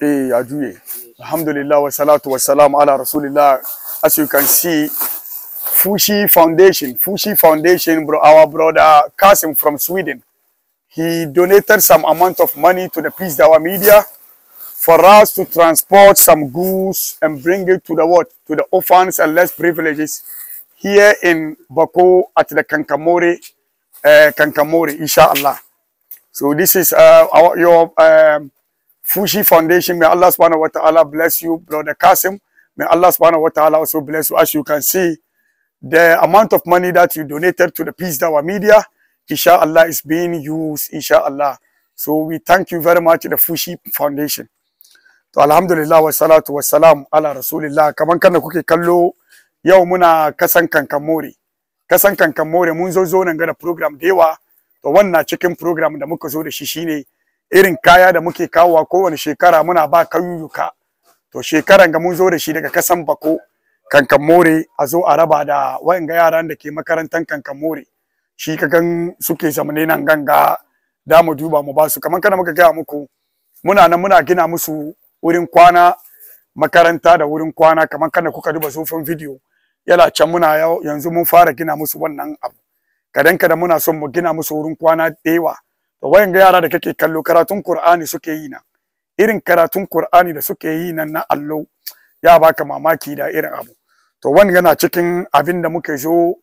Hey, Ajuye. Alhamdulillah wa salatu wa salam ala Rasulillah. As you can see, Fushi Foundation, Fushi Foundation, bro, our brother Kasim from Sweden, he donated some amount of money to the Peace Dawa Media for us to transport some goods and bring it to the what? To the orphans and less privileges here in Bako at the Kankamori, uh, Kankamori, inshallah. So this is uh, our, your um, Fushi Foundation, may Allah subhanahu wa ta'ala bless you, Brother Kasim. May Allah subhanahu wa ta'ala also bless you. As you can see, the amount of money that you donated to the Peace Dawa Media, inshallah, is being used, inshallah. So we thank you very much, the Fushi Foundation. To alhamdulillah wa salatu wa salam ala rasulillah. Kaman kana kuki kallo yau muna kasan kamori. Kasan kamori, munzo zo zo program dewa. So one na chicken program da muka zo da irin kaya da muke kawowa kowane shekara muna ba kayuyyuka to shekaran ga mun zo da shi daga kasan bako kankan more a zo a raba da wa'anga yaran da ke makarantan kankan more shi ka gan suke zamane nan ganga da mu duba mu ba su. kamar kana muka gaya muku muna nan muna gina musu wurin kwana makaranta da wurin kwana kamar kana kuka duba tsofin video yana can muna yanzu mun fara gina musu wannan abu kadan kadan muna son mu gina musu wurin kwana da ga yara da kake kallo karatun Qur'ani suke yi na irin karatun Qur'ani da suke yi nan na allo ya baka mamaki da irin abu to wani yana cikin abin da muke zo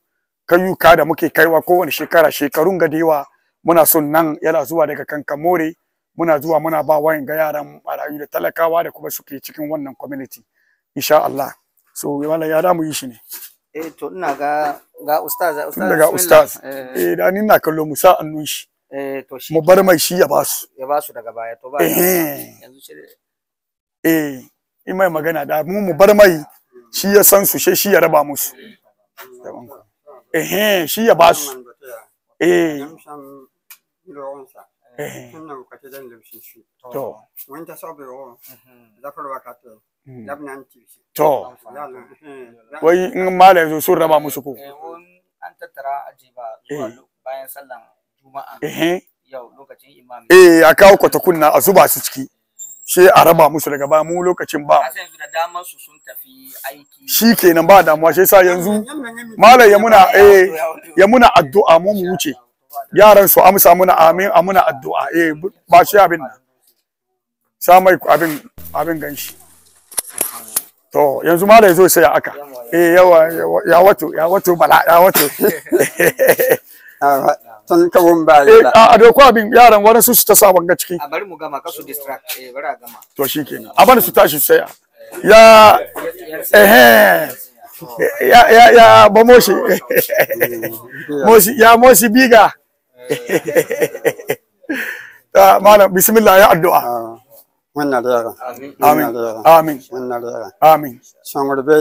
kayuka da muke kaiwa kowane shekara shekarun ga dewa muna son nan yana zuwa daga kankamore muna zuwa muna ba wayan ga yaran marayu da talakawa da kuma suke cikin wannan community insha Allah so wala ya da mu yi shi ne eh to ina ga ga ustaz ustaz ga ustaz eh. eh da ni na kallo musa annun shi eh to shi mu bar mai shi ya ba su ya daga baya to ba eh. yanzu shi eh in mai magana da mu mu bar mai shi ya san su shi ya raba musu eh shi ya ba su eh, eh. to mhm. mm. eh. wai in malam sun raba musu ko an tattara aji ba zuwa bayan sallan juma'a yau lokacin imam eh a kawo kwatakunna a zuba su ciki sai a raba musu daga baya mu lokacin ba shi kenan ba damuwa shi yasa yanzu malam ya muna eh ya muna addu'a mu mu wuce yaran su amsa muna amin a muna addu'a eh ba shi abin nan sa mai abin abin ganshi to yanzu malam ya zo sai aka eh yawa ya wato ya wato bala ya wato tantabun ba eh, Allah a doko abin yaran wani su su ta sa wanga ciki a bari mu gama kasu distract eh bari a gama to a su tashi saya ya ya ya ya ba moshi moshi ya moshi biga malam bismillah ya addu'a ah, wannan yaran amin amin wannan yaran amin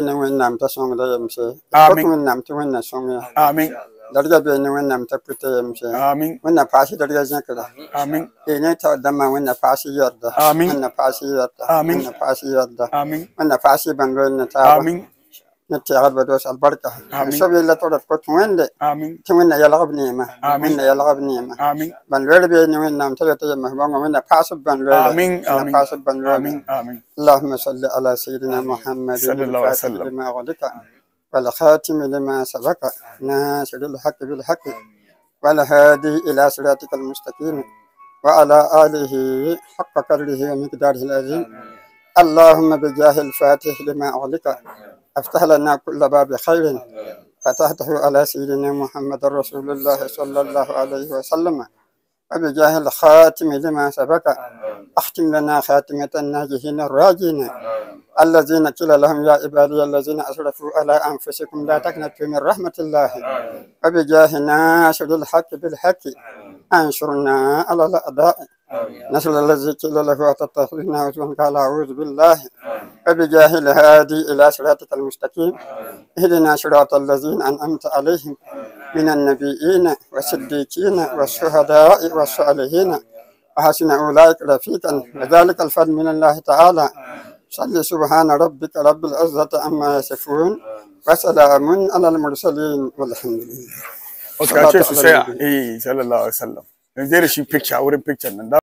ne wannan ta songor da yamse amin wannan ta wannan songor amin darja be ne wannan ta fita ya mushe amin wannan fashi darja jin kada amin eh ne ta dama wannan fashi yarda amin wannan fashi yarda amin wannan fashi yarda amin wannan fashi bango ne ta amin نتي عبد دوس البركة آمين شوف اللي طلعت كنت وين دي آمين تمنى يلعب نيمة آمين يلعب نيمة آمين بن لول بيني وين نام تلت يمه بان وين باسب بن لول آمين آمين باسب بن لول آمين آمين اللهم صل على سيدنا محمد صلى الله عليه وسلم والخاتم لما سبق ناصر الحق بالحق والهادي إلى صراطك المستقيم وعلى آله حق قدره ومقداره العظيم اللهم بجاه الفاتح لما أغلق افتح لنا كل باب خير فتحته على سيدنا محمد رسول الله صلى الله عليه وسلم وبجاه الخاتم لما سبق أختم لنا خاتمة الناجحين الراجين الذين قيل لهم يا عبادي الذين اسرفوا على انفسكم لا تقنطوا من رحمه الله وبجاه ناشد الحق بالحق انشرنا على الاعداء نسل الذي قيل له اتتخذنا هزوا قال اعوذ بالله وبجاه الهادي الى صراطك المستقيم اهدنا صراط الذين انعمت عليهم من النبيين والصديقين والشهداء والصالحين وحسن اولئك رفيقا وذلك الفضل من الله تعالى صل سبحان ربك رب العزة عما يصفون وسلام على المرسلين والحمد لله. Okay, I choose to say, hey, sallallahu alaihi wasallam. There is a picture, our picture.